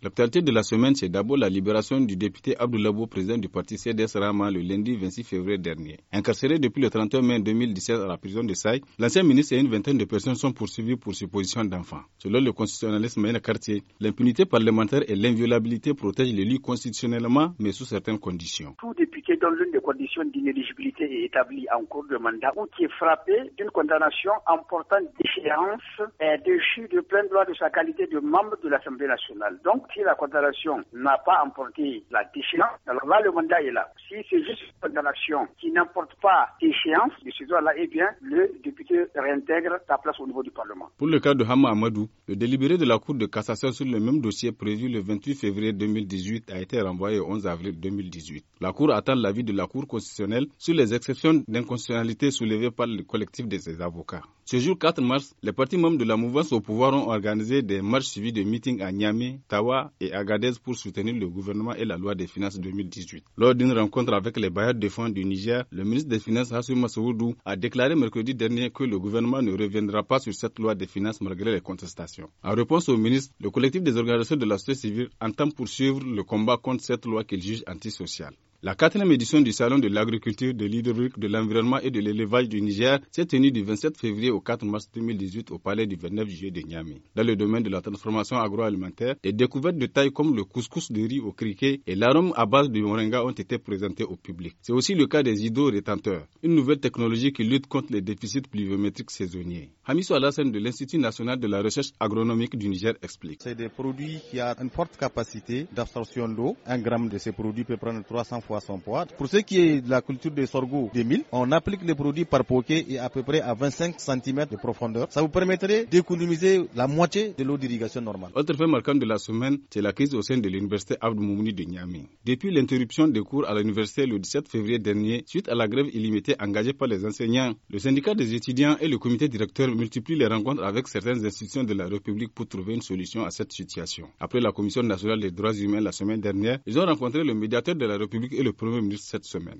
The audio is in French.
L'actualité de la semaine, c'est d'abord la libération du député Abdoulabou, président du parti CDS Rama, le lundi 26 février dernier. Incarcéré depuis le 31 mai 2017 à la prison de Saï, l'ancien ministre et une vingtaine de personnes sont poursuivies pour supposition d'enfants. Selon le constitutionnaliste Maïna Cartier, l'impunité parlementaire et l'inviolabilité protègent l'élu constitutionnellement, mais sous certaines conditions. Tout député dans l'une des conditions d'inéligibilité est établie en cours de mandat ou qui est frappé d'une condamnation en portant déchéance et déchu de plein droit de sa qualité de membre de l'Assemblée nationale. Donc, si la condamnation n'a pas emporté la déchéance, alors là, le mandat est là. Si c'est juste une condamnation qui n'emporte pas déchéance de ce là eh bien, le député réintègre sa place au niveau du Parlement. Pour le cas de Hama Amadou, le délibéré de la Cour de cassation sur le même dossier prévu le 28 février 2018 a été renvoyé le 11 avril 2018. La Cour attend l'avis de la Cour constitutionnelle sur les exceptions d'inconstitutionnalité soulevées par le collectif de ses avocats. Ce jour 4 mars, les partis membres de la mouvance au pouvoir ont organisé des marches suivies de meetings à Niamey, Tawa, et Agadez pour soutenir le gouvernement et la loi des finances 2018. Lors d'une rencontre avec les bailleurs de fonds du Niger, le ministre des Finances Hassou Massoudou a déclaré mercredi dernier que le gouvernement ne reviendra pas sur cette loi des finances malgré les contestations. En réponse au ministre, le collectif des organisations de la société civile entend poursuivre le combat contre cette loi qu'il juge antisociale. La quatrième édition du Salon de l'agriculture, de l'hydraulique, de l'environnement et de l'élevage du Niger s'est tenue du 27 février au 4 mars 2018 au palais du 29 juillet de Niamey. Dans le domaine de la transformation agroalimentaire, des découvertes de taille comme le couscous de riz au criquet et l'arôme à base de moringa ont été présentées au public. C'est aussi le cas des hydro-rétenteurs, une nouvelle technologie qui lutte contre les déficits pluviométriques saisonniers. Hamisou Alassane de l'Institut national de la recherche agronomique du Niger explique. C'est des produits qui ont une forte capacité d'absorption d'eau. Un gramme de ces produits peut prendre 300 fois Pour ce qui est de la culture des sorgho des on applique les produits par poquet et à peu près à 25 cm de profondeur. Ça vous permettrait d'économiser la moitié de l'eau d'irrigation normale. Autre fait marquant de la semaine, c'est la crise au sein de l'université Abdou Moumouni de Niamey. Depuis l'interruption des cours à l'université le 17 février dernier, suite à la grève illimitée engagée par les enseignants, le syndicat des étudiants et le comité directeur multiplient les rencontres avec certaines institutions de la République pour trouver une solution à cette situation. Après la Commission nationale des droits humains la semaine dernière, ils ont rencontré le médiateur de la République et le Premier ministre cette semaine.